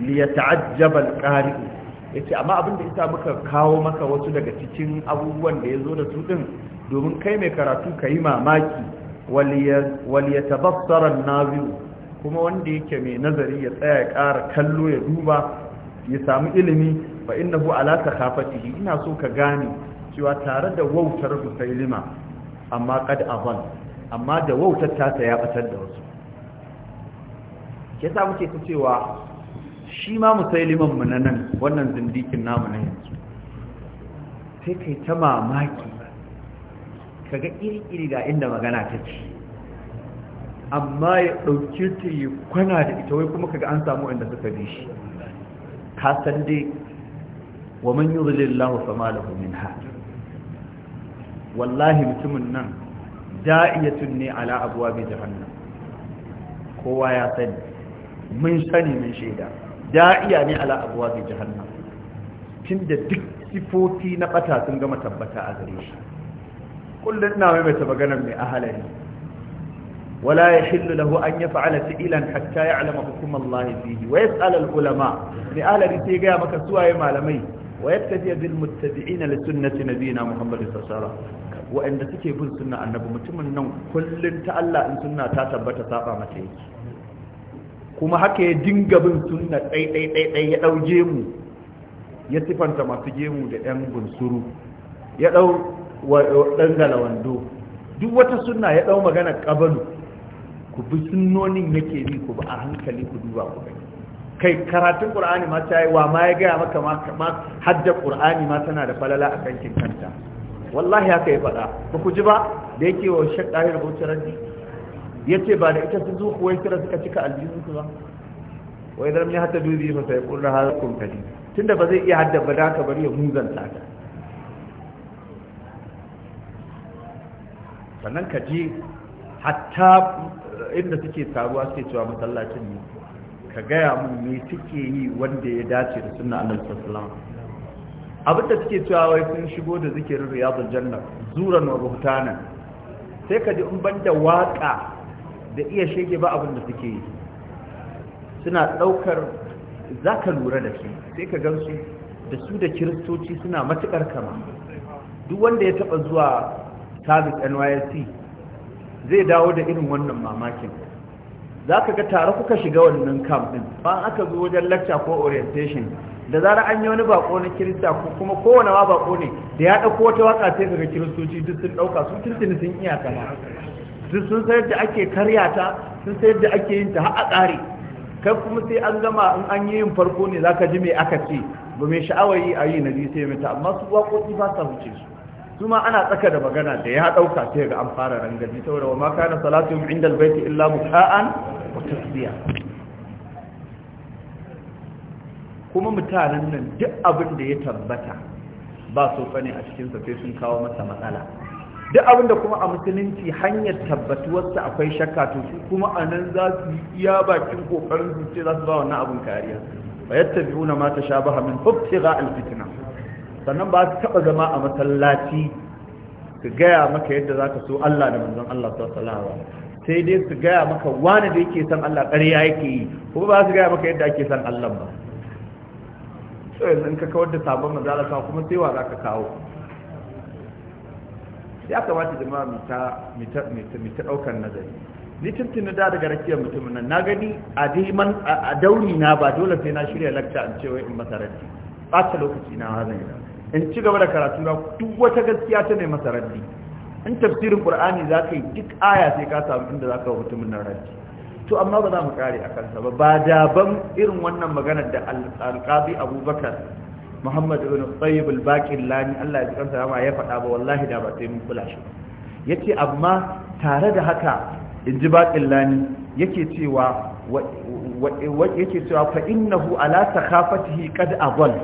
liya ta'ajjabal ƙari'u ya ce amma abin da ita muka kawo maka wasu daga cikin abubuwan da ya zo da su ɗin domin kai mai karatu ka yi mamaki waliya tabassarar naziru kuma wanda yake mai nazari ya tsaya ya kara kallo ya duba ya samu ilimi fa innahu ala takhafatihi ina so ka gane cewa tare da wautar musailima amma kad aban amma da wautar ta ta ya batar da wasu ke sa muke ta cewa shi ma musailiman mu na nan wannan zindikin namu na yanzu sai kai ta mamaki kaga iri-iri ga inda magana ta ce amma ya ɗauke ta yi kwana da ita wai kuma kaga an samu inda suka bi shi ka san dai wa man yi fama lahu min ha wallahi mutumin nan da'iyatun ne ala abuwa bi jahannam kowa ya sani mun sani mun shaida da'iya ne ala abuwa bi jahannam tunda duk sifofi na bata sun gama tabbata a gare shi kullun na mai ta maganar mai ahalari wala ya yahillu lahu an ya yaf'ala fi'lan hatta ya'lama hukum Allah fihi wa yas'al al-ulama mai ahalari sai gaya maka suwaye malamai wa yattabi bil muttabi'ina li sunnati nabiyina Muhammad sallallahu alaihi wasallam waɗanda suke bin sunna annabi mutumin nan kullun ta Allah in sunna ta tabbata saba mata yake kuma haka ya dinga bin sunna ɗai ya ɗau mu. ya sifanta masu gemu da ɗan bunsuru ya ɗau ɗan galawando duk wata sunna ya ɗau magana ƙabalu ku bi sunnonin yake bi ku ba a hankali ku duba ku kai karatun Qur'ani ma ta yi wa ma ya gaya maka ma hadda Qur'ani ma tana da falala a kankin kanta wallahi haka ya faɗa ba ku ji ba da yake wa shakka ya rubuta yace ba da ita su zo kuwa kira suka cika aljihun su ba wai dan ne hata dubi fa sai kullu halakum kadi tunda ba zai iya hadda da ka bari ya hunzanta ta sannan ka je hatta inda suke taruwa suke cewa masallacin ne ka gaya mun me suke yi wanda ya dace da sunna annabi sallallahu alaihi abin da suke cewa wai sun shigo da zikirin riyadul janna zuran wa ruhtanan sai ka ji in banda waka da iya shege ba abin da suke yi suna ɗaukar za ka lura da su sai ka gamsu da su da kiristoci suna matuƙar kama duk wanda ya taɓa zuwa sabis nysc zai dawo da irin wannan mamakin za ka ga tare kuka shiga wannan kamfin ba aka zo wajen lacca ko orientation da zara an yi wani bako na kirista ko kuma kowane ma bako ne da ya ɗauko wata waka sai daga kiristoci duk sun ɗauka sun kirtini sun iya kama sun sayar da ake karyata ta sun sayar da ake yin ta har a tsare kai kuma sai an gama in an yi yin farko ne zaka ji me aka ce ba mai sha'awar yi a yi na biyu sai mata amma su waƙoƙi ba sa wuce su su ana tsaka da magana da ya ɗauka ta ga an fara rangaji saboda wa ma kana salatu inda albayti illa muka'an wa tasbiya kuma mutanen nan duk abin da ya tabbata ba so fane a cikin sa sai sun kawo masa matsala duk abin da kuma a musulunci hanyar tabbatuwarsa akwai shakka to su kuma a nan za su iya bakin kokarin su ce za su ba wannan abin kariya ba yadda ma tashabaha sha baha min hubtira alfitina sannan ba su taɓa zama a masallaci su gaya maka yadda za so Allah da manzon Allah sallallahu alaihi sai dai su gaya maka wani da yake son Allah ƙarya yake yi kuma ba su gaya maka yadda ake son Allah ba Sai in ka kawar da sabon manzala kuma sai wa za ka kawo ya kamata da mu ta mu ta daukar nazari ni tuntuni da daga rakiyar mutumin nan na gani a diman a dauri na ba dole sai na shirya lakta an ce wai in masa ɓata lokaci na hazan yi in ci gaba da karatu na duk wata gaskiya ta ne masa in tafsirin qur'ani za ka yi duk aya sai ka samu inda za ka wa mutumin nan raddi to amma ba za mu kare a kansa ba ba daban irin wannan maganar da alƙabi abubakar muhammad ibn tayyib al-baqir lani Allah ya tsanta rama ya faɗa ba wallahi da ba sai mun kula shi yace amma tare da haka inji baqir lani yake cewa yake cewa fa innahu ala takhafatihi qad adall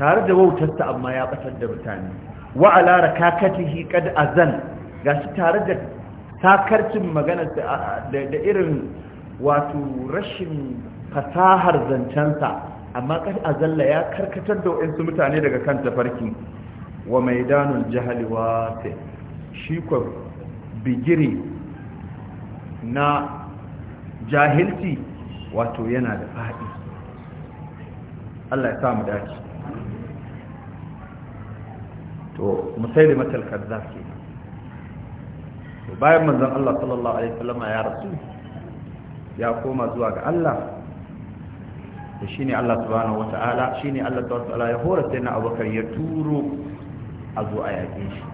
tare da ta amma ya batar da mutane wa ala rakakatihi qad azal gashi tare da takarcin magana da irin wato rashin fasahar zancensa amma a azalla ya karkatar da wayansu mutane daga kan tafarki wa maidanul jahali wasi shi ko bigiri na jahilci wato yana da fadi. Allah ya samu dace to musaili matal kazzab bayan manzon Allah sallallahu alaihi wasallam ya rasu ya koma zuwa ga Allah to shine Allah subhanahu wata'ala shine Allah subhanahu wata'ala ya hore sai na abubakar ya turo a zo a yaƙe shi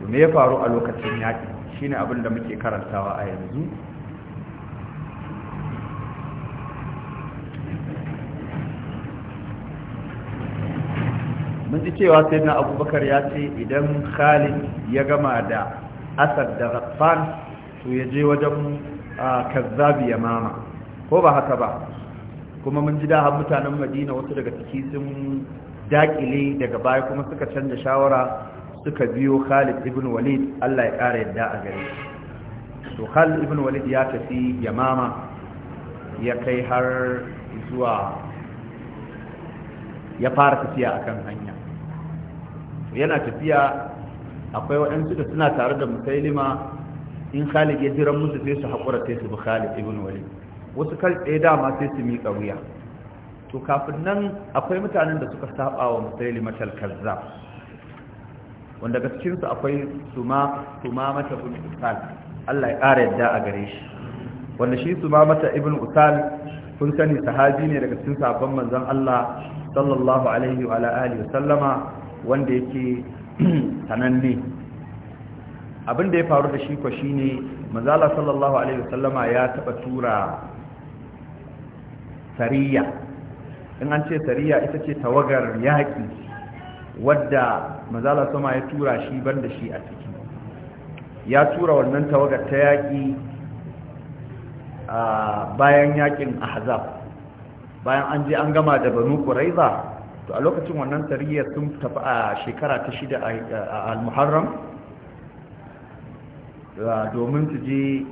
to me ya faru a lokacin yaƙi shine abin da muke karantawa a yanzu mun ji cewa sai na abubakar ya ce idan khalid ya gama da asad da rafan to ya je wajen ah, kazzabi ya mama ko ba haka ba kuma mun ji da mutanen madina wasu daga ciki sun dakile daga baya kuma suka canza shawara suka biyo khalid ibn walid allah ya kara yadda a gari. to khalid ibn walid ya tafi yamama ya kai har zuwa ya fara tafiya a kan hanya yana tafiya akwai waɗansu da suna tare da musailima in khalid ya jiran musu sai su haƙura sai su bi khalid ibn walid wasu kar dama sai su miƙa wuya to kafin nan akwai mutanen da suka saba wa musaili matal kaza wanda ga akwai suma suma mata ibn usal Allah ya ƙara yadda a gare shi wanda shi suma mata ibn usal kun sani sahabi ne daga cikin sabon manzon Allah sallallahu alaihi wa alihi sallama wanda yake sananne abin da ya faru da shi ko shine manzala sallallahu alaihi sallama ya taba tura sariya in an ce sariya ita ce tawagar yaƙi wadda mazala sama ya tura shi ban da shi a ciki ya tura wannan tawagar ta yaƙi bayan yaƙin ahzab bayan an je an gama da banu ƙuraiza to a lokacin wannan sariya sun tafi a shekara ta shida a al domin su je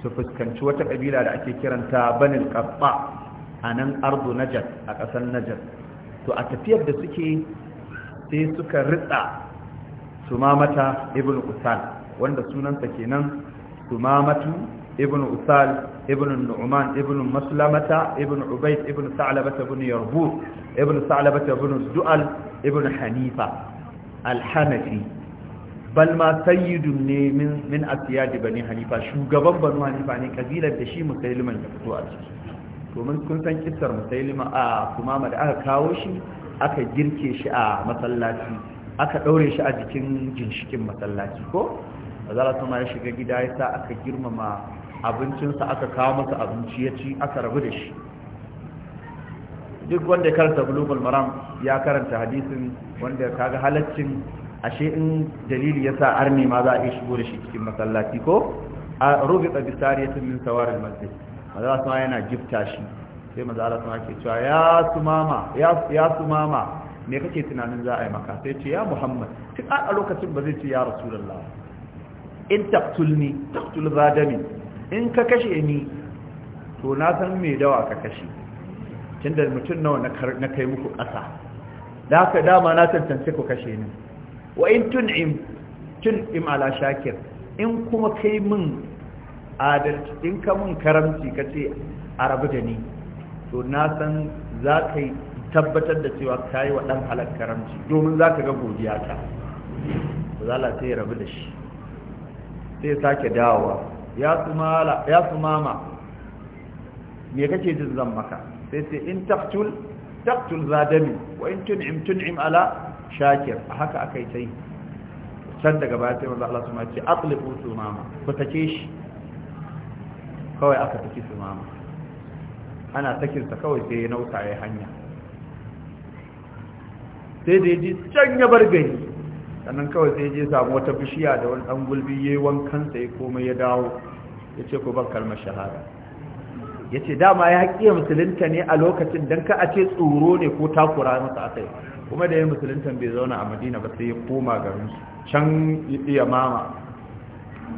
su fuskanci wata ƙabila da ake kiranta banin ƙaɓɓa a nan ardu najar a ƙasar najar to a tafiyar da suke sai suka ritsa sumamata ibn usal wanda sunansa kenan sumamatu ibn usal ibn nu'man ibn maslamata ibn ubayd ibn sa'labata ibn yarbu ibn sa'labata ibn du'al ibn hanifa alhanafi hanafi bal ma sayyidun ne min min asiyad bani hanifa shugaban bani hanifa ne kabilar da shi musulman ya fito a ciki domin kun san kissar musailima a kumama da aka kawo shi aka girke shi a masallaci aka ɗaure shi a jikin ginshikin masallaci ko azala ma ya shiga gida ya sa aka girmama abincinsa aka kawo masa abinci ya ci aka rabu da shi duk wanda ya karanta bulugul maram ya karanta hadisin wanda ya kaga halaccin ashe in dalili ya sa arni ma za a iya shigo da shi cikin masallaci ko a rubuta bisariyatin min al masjid maza su yana gifta shi sai maza su ke cewa ya su mama ya su mama ne kake tunanin za a yi maka sai ce ya muhammad tun a lokacin ba zai ce ya rasu da lawa in taktul taqtulni taqtul badami in ka kashe ni to na san me dawa ka kashe tunda mutum nawa na kai muku ƙasa da haka dama na tantance ku kashe ni wa in tun im ala shakir in kuma kai min adalci in ka mun karamci ka ce a rabu da ni to na san za ka yi tabbatar da cewa ka yi wa ɗan halar karamci domin za ka ga godiya ta zala sai rabu da shi sai sake dawowa ya su mama me kake jin zan maka sai sai in taktul taktul za dami wa in tun'im tun'im ala shakir a haka aka yi ta yi can daga baya sai maza Allah su ma ce atlifu su mama ku take shi kawai aka tafi su mama ana sakinsa kawai sai ya nauta ya hanya sai da ya ji can ya bar gari sannan kawai sai ya je samu wata bishiya da wani ɗan gulbi ya yi wankansa ya komai ya dawo ya ce ku ban kalmar shahara ya ce dama ya ya musulunta ne a lokacin don ka a ce tsoro ne ko takura masa a kai kuma da ya musulunta bai zauna a madina ba sai ya koma garin can ya mama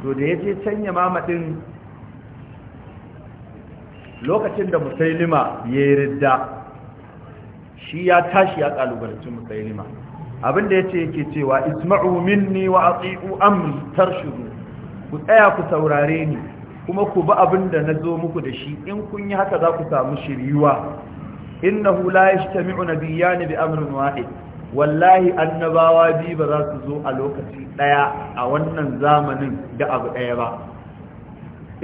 to da ya ce can ya mama din. lokacin da musailima ya yi ridda shi ya tashi ya kalubalci musailima abinda ya ce yake cewa isma'u minni wa ati'u amri tarshudu ku tsaya ku saurare ni kuma ku bi abin da na zo muku da shi in kun yi haka za ku samu shiryuwa innahu la yastami'u nabiyyan bi amrin wahid wallahi annabawa biyu ba za su zo a lokaci daya a wannan zamanin da abu daya ba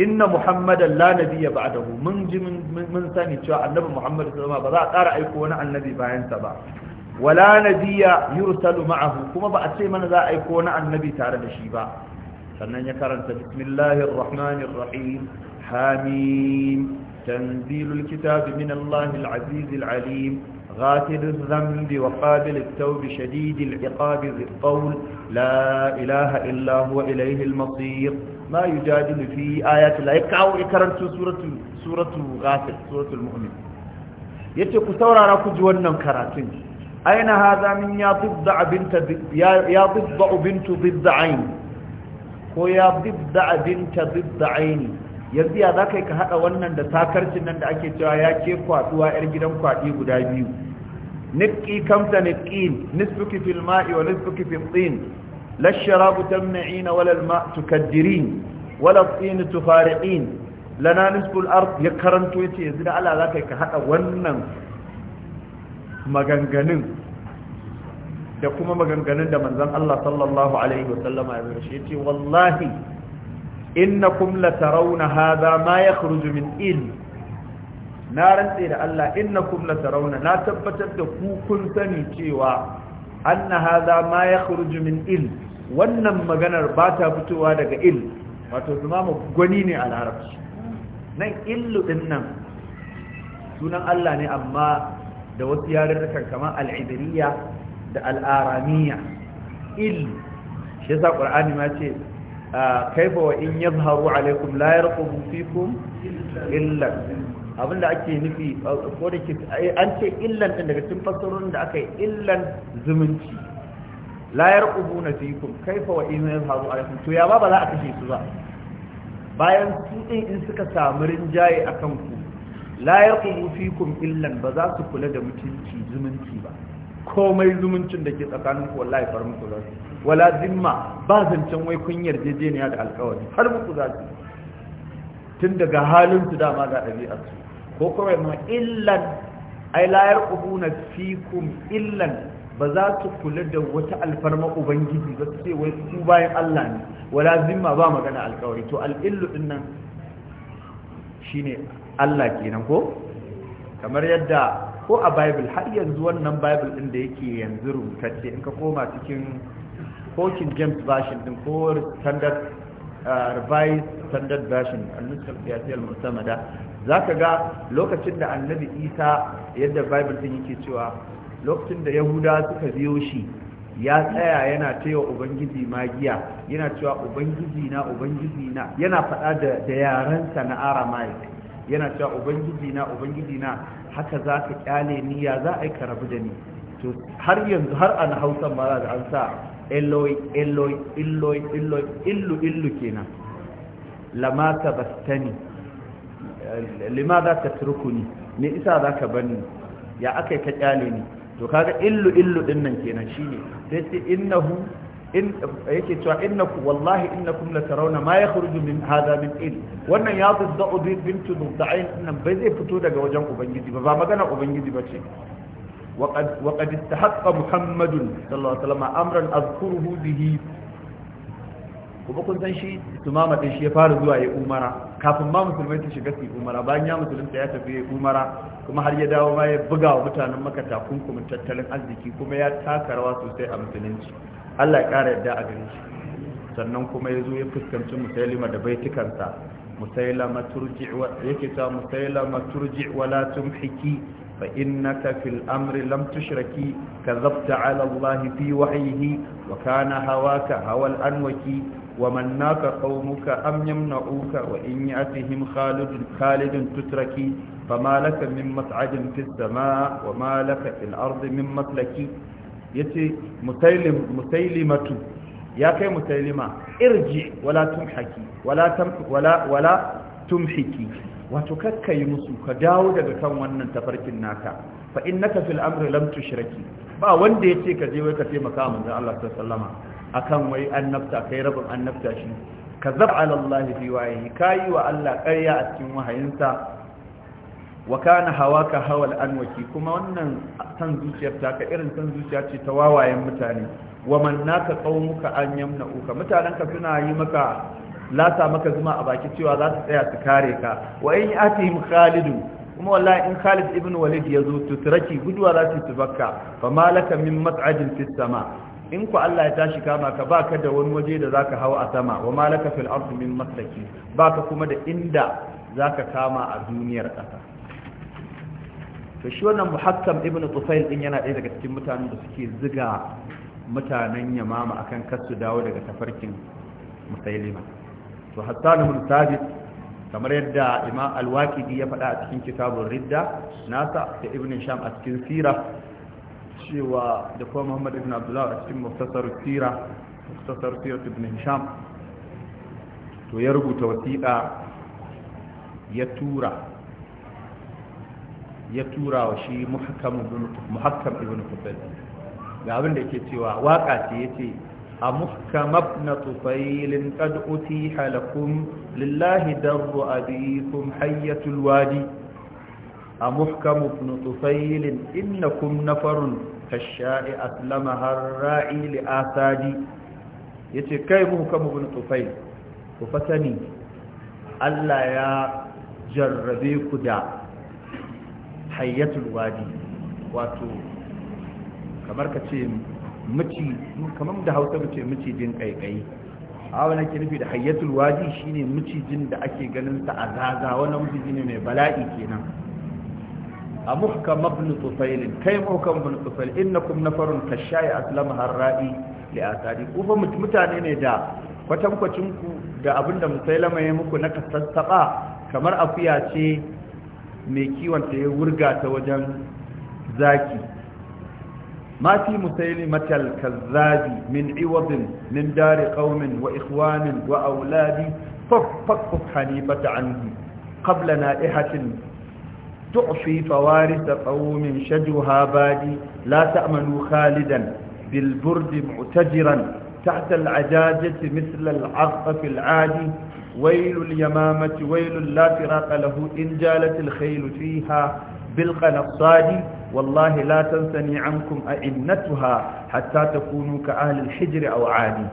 inna muhammadan la nabiyya ba'dahu mun ji mun sani cewa annabi muhammad sallallahu ba za a ƙara aiko wani annabi bayan sa ba wala nabiyya yursalu ma'ahu kuma ba a ce mana za a aiko wani annabi tare da shi ba sannan ya karanta bismillahir rahmanir rahim hamim tanzilul kitabi min allahil azizil alim غافل الذنب وقابل التوب شديد العقاب ذي الطول لا إله إلا هو إليه المصير ma yujadilu fi ayati la kawo karantu suratu suratu ghafir suratul mu'min yace ku saurara ku ji wannan karatun aina hadha min ya tibda binta ya tibda bintu tibda ko ya bidda binta tibda yanzu ya zakai ka hada wannan da takarcin nan da ake cewa ya ke kwaduwa yar gidan kwadi guda biyu nitqi kamta nitqin nisfuki fil ma'i wa nisfuki fil tin لا الشراب تمنعين ولا الماء تكدرين ولا الطين تفارقين لنا نسب الأرض يكرن تويتي يزيد على ذلك كحتى ونن مغنغنن da kuma maganganun da manzon Allah sallallahu alaihi wasallama ya zurshi yace wallahi innakum latarawna hadha ma yakhruju min il na rantse da Allah innakum latarawna na tabbatar da ku kun sani cewa anna hadha ma yakhruju il wannan maganar ba ta fitowa daga il wato mu gwani ne a larabci nan illu din nan sunan Allah ne amma da wasu da kamar al al'idiriya da al'aramiya il shi yasa qur'ani ma ce kaifa wa in yazharu alaikum la yarqubu fikum illa abinda ake nufi ko da an ce illan din daga cikin fassarorin da aka yi illan zumunci la yarqubuna kai kaifa wa in yazharu alaikum to ya ba ba za a kashe su ba bayan su din in suka samu rinjaye akan ku la yarqubu fikum illan ba za su kula da mutunci zumunci ba komai zumuncin da ke tsakanin ku wallahi far muku za wala zimma ba zancen wai kun yarjejeniya da alƙawari har muku za su tun daga halin su dama ga ɗabi'ar su ko kawai ma illan ai la yarqubuna fikum illan ba za su kula da wata alfarma ubangiji ba su ce wai su bayan Allah ne wala zimma ba magana alkawari to al'illu din nan shine Allah kenan ko kamar yadda ko a bible har yanzu wannan bible din da yake yanzu rubutacce in ka koma cikin Hawking James version din ko standard uh, revised standard version al-nuskhah al mu'tamada zaka ga lokacin da annabi Isa yadda bible din yake cewa lokacin da yahuda suka biyo shi ya tsaya yana cewa ubangiji magiya yana cewa ubangiji na ubangiji na yana faɗa da yarensa na aramaic yana cewa ubangiji na ubangiji na haka za ka kyale ni ya za a yi karabu da ni to har yanzu har an hausa ma za an sa eloi eloi illoi illoi illu illu kenan lama ta bastani lima za ka turkuni me isa za ka bani ya aka yi ka kyale ni to kaga illu illu din nan kenan shine sai ce innahu in yake cewa innakum wallahi innakum la tarawna ma yakhruju min hadha min il wannan ya tuddu bintu duddain nan bai zai fito daga wajen ubangiji ba ba magana ubangiji ba ce وقد وقد استحق محمد صلى الله عليه وسلم amran azkuruhu bihi kuma kun san shi tumama din shi ya fara zuwa ya umara kafin ma musulmai su shiga su umara bayan ya musulunta ya tafi ya umara kuma har ya dawo ma ya buga wa mutanen maka kunkumin tattalin arziki kuma ya taka rawa sosai a musulunci Allah ya kara yadda a gare shi sannan kuma ya zo ya fuskanci musailima da baitukansa musailama turji wa yake ta musailama turji wa la tumhiki fa innaka fil amri lam tushraki kadhabta ala Allah fi wahyihi wa kana hawaka hawal anwaki ومن ناك قومك أم يمنعوك وإن يأتهم خالد, خالد تتركي فما لك من مسعد في السماء وما لك في الأرض من مسلك يتي مسيلم مسيلمة يا كي مسيلمة ارجع ولا تمحكي ولا تم ولا ولا تمحكي وتككي مسوك داود بكم ونن تفرك الناكا فإنك في الأمر لم تشركي با وندي يتي كجيوك في مكان الله صلى الله عليه وسلم akan wai annabta kai rabin annabta shi kazab ala Allah fi ka yi wa Allah ƙarya a cikin wahayinsa wa kana ka hawa anwaki kuma wannan san zuciyar ta ka irin san zuciya ce ta wawayen mutane wa man naka qaumuka an yamna'uka mutananka suna yi maka lasa maka zuma a baki cewa za su tsaya su kare ka wa in atihim khalidu kuma wallahi in Khalid ibn Walid zo tutraki guduwa za su tubakka fa malaka min mat'ajin fis sama in ku Allah ya tashi kama ka baka da wani waje da za ka hawa a sama wa malaka fil ardi min maslaki baka kuma da inda zaka kama a duniyar kasa to shi wannan muhakkam Ibn tufail din yana ɗaya daga cikin mutanen da suke ziga mutanen yamama akan kasu dawo daga tafarkin musailima to hassan ibn sabit kamar yadda imam al-waqidi ya faɗa a cikin kitabun ridda nasa da ibn sham a cikin sira cewa da kuma muhammad ibn abdullah a cikin muftasar sira muftasar sira ibn hisham to ya rubuta wasiƙa ya tura ya tura wa shi muhakkam ibn tufail ga abin da yake cewa waka ce yace a muhakkam ibn tufayl kad uti halakum lillahi darru abikum hayyatul wadi a muhakkam ibn tufail innakum nafarun kasha'i aslama har ra'i li asadi yace kai mu hukamu bin tufai ku fasani Allah ya jarrabe ku da hayyatul wadi wato kamar ka ce mici kamar da hausa mace micijin ƙaiƙayi awa na ke nufi da hayyatul wadi shine micijin da ake ganin sa a zaza wani miciji ne mai bala'i kenan amurka mabnutufailin kai mukan mabnutufail innakum nafarun kashaya aslama harra'i li asadi kuma mutane ne da kwatankwacin ku da abinda musailama ya muku na kasassaba kamar afiya ce mai kiwon ta ya wurga ta wajen zaki mafi musaili matal kazzabi min iwazin min dare kaumin wa ikhwanin wa auladi fafafafani bata an qablana ihatin تعفي فوارث قوم شجها بادي لا تأمنوا خالدا بالبرد معتجرا تحت العجاجة مثل العرق في العادي ويل اليمامة ويل لا فراق له إن جالت الخيل فيها بالقنصاد والله لا تنثني عنكم أئنتها حتى تكونوا كأهل الحجر أو عادي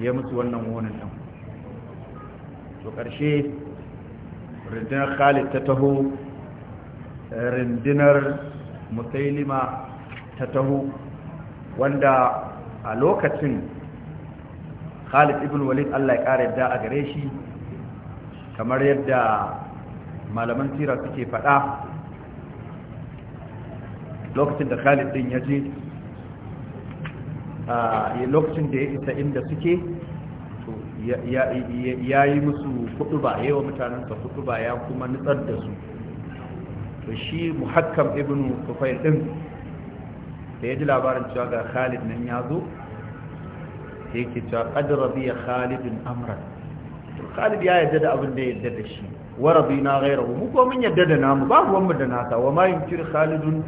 يمت ونمون الأمر وقرشيه rindinar khalid ta taho rindinar musailima ta taho wanda a lokacin khalid ibn walid allah ya ƙara yadda a gare shi kamar yadda malaman tira suke faɗa lokacin da khalid din ya je lokacin da ya isa inda suke ya yi musu hudu ba yi wa mutanensa hudu ba ya kuma nutsar da su to shi muhakkam ibnu kufail din da ya ji labarin cewa ga khalid nan ya zo sai ke cewa ƙadar rabiya khalidin amran khalid ya yadda da abin da ya yadda da shi wa na ghairahu mu ko mun yadda da namu ba mu da nasa wa ma yumkin khalidun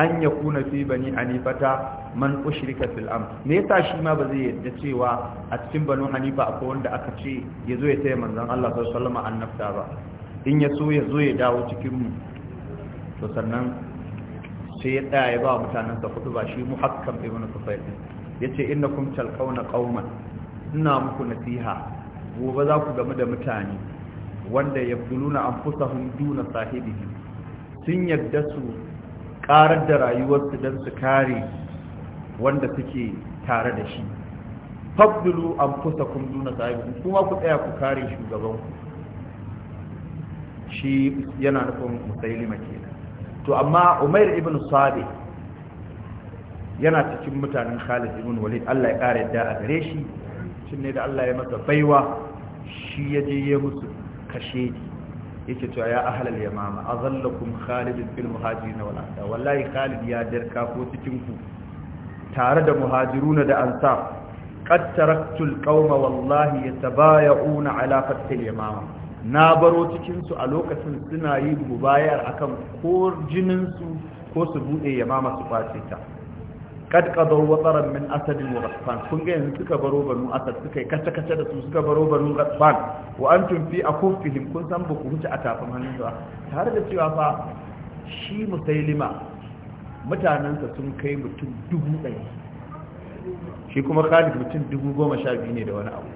an yakuna fi bani anifata man ushrika fil am me yasa shi ma ba zai yadda cewa a cikin banu hanifa akwai wanda aka ce ya zo ya taya manzon Allah sallallahu alaihi wasallam annabta ba in ya so ya zo ya dawo cikin mu to sannan sai ya tsaya ya ba mutanen sa kudu ba shi muhakkam ibn kufayl yace innakum talqawna qauman ina muku nasiha gobe za ku gamu da mutane wanda yabduluna anfusahum duna sahibihim sun yadda su karar da rayuwarsu don su kare wanda suke tare da shi fabdulu an fusa kun duna sahibi kuma ku tsaya ku kare shugaban ku shi yana nufin musailima kenan to amma umair ibn sabi yana cikin mutanen khalid ibn walid Allah ya kare yadda a gare shi shin ne da Allah ya masa baiwa shi ya je ya musu kashe yake cewa ya ahlal yamama azallakum khalid bil muhajirin wal ansar wallahi khalid ya darka ko cikin ku tare da muhajiruna da ansa, qad taraktu alqauma wallahi yatabaya'una ala fath al-yamama na baro cikin su a lokacin suna yi mubayar akan ko jinin su ko su bude yamama su kwace ta kad qadaw wataran min asad wa ghatfan kun ga yanzu suka baro banu asad suka yi kace kace da su suka baro banu ghatfan wa antum fi akufihim kun san ba ku huta a tafin hannun ba tare da cewa fa shi musailima mutanensa sun kai mutum dubu ɗaya shi kuma khalid mutum dubu goma sha biyu ne da wani abu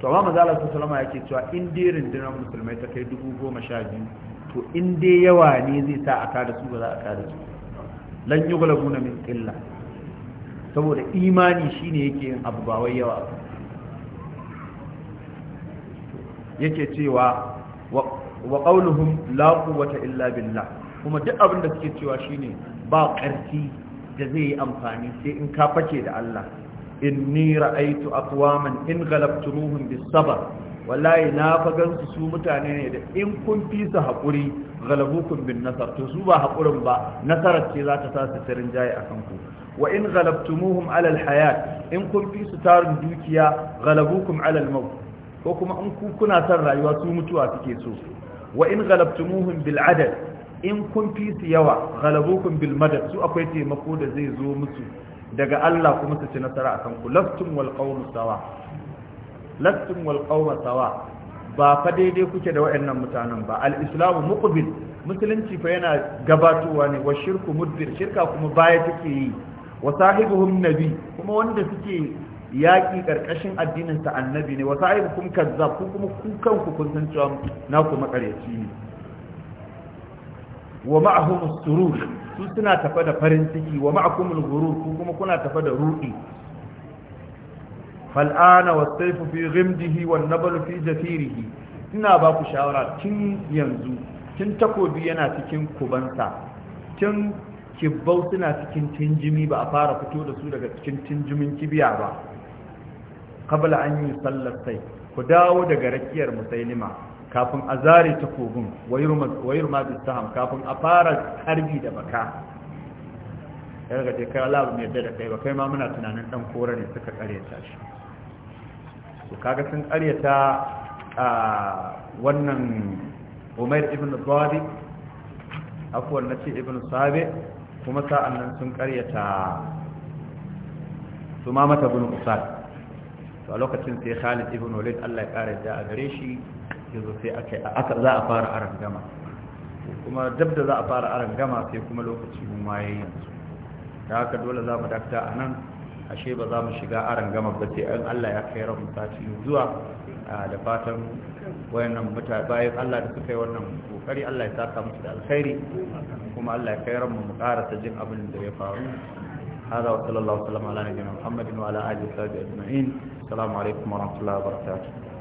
to amma mazalar su salama ya ke cewa in dai rundunar musulmai ta kai dubu goma sha biyu to in dai yawa ne zai sa a kada su ba za a kada su lan yi gulabu na min illa. saboda imani shi ne yake yin abu ba wai yawa yake cewa wa ƙaunuhun la quwwata illa billah kuma duk abin da suke cewa shine ba ƙarfi da zai yi amfani sai in ka fake da Allah inni ra'aytu aqwaman in ghalabtumuhum bis-sabr wallahi na fa gansu su mutane ne da in kun fi su haƙuri galabukum bin nasar to su ba haƙurin ba nasarar ce za ta sa su tirin jaye akan ku wa in galabtumuhum alal hayat in kun fi su tarin dukiya galabukum alal maut ko kuma in ku kuna son rayuwa su mutuwa suke so wa in galabtumuhum bil adad in kun fi su yawa ghalabukum bil madad su akwai taimako da zai zo musu daga Allah kuma su ci nasara a kanku laftum wal qawmu sawa laftum wal qawmu sawa ba fa daidai kuke da waɗannan mutanen ba al-islamu muqbil musulunci fa yana gabatowa ne wa shirku mudbir shirka kuma baya take yi wa sahibuhum nabi kuma wanda suke yaƙi karkashin addinin sa annabi ne wa sahibukum kazzab kuma ku kanku kun san cewa na kuma ƙaryaci ne wa ma'ahum surur su suna tafa da farin ciki wa ma'akum al-ghurur ku kuma kuna tafa da ruɗi fal ana was-sayf fi ghimdihi wan-nabl fi jathirihi ina ba ku shawara tun yanzu tun takobi yana cikin kubansa tun kibbau suna cikin tinjimi ba a fara fito da su daga cikin tinjimin kibiya ba qabla an yusalla sai ku dawo daga rakiyar musailima kafin a zare ta takobin wayar masu saham kafin a fara harbi da baka ya daga ce kai alabu mai dada kai ba kai ma muna tunanin dan kora ne suka karyata shi su kaga sun karyata a wannan umar ibn zabi afuwar na ce ibn sabe kuma sa'an nan sun karyata su ma mata bin usal a lokacin sai khalid ibn walid allah ya kara da a gare shi yanzu sai aka za a fara aran gama kuma dab da za a fara aran gama sai kuma lokaci ma ya yanzu da haka dole za mu dakta a nan ashe ba za mu shiga aran gama ba sai an allah ya kai ta ci zuwa da fatan wayannan mutane bayan allah da suka yi wannan kokari allah ya saka musu da alkhairi kuma allah ya kai rabin mu ta jin abin da ya faru هذا وصلى الله وسلم على نبينا محمد وعلى اله وصحبه اجمعين السلام عليكم ورحمه الله وبركاته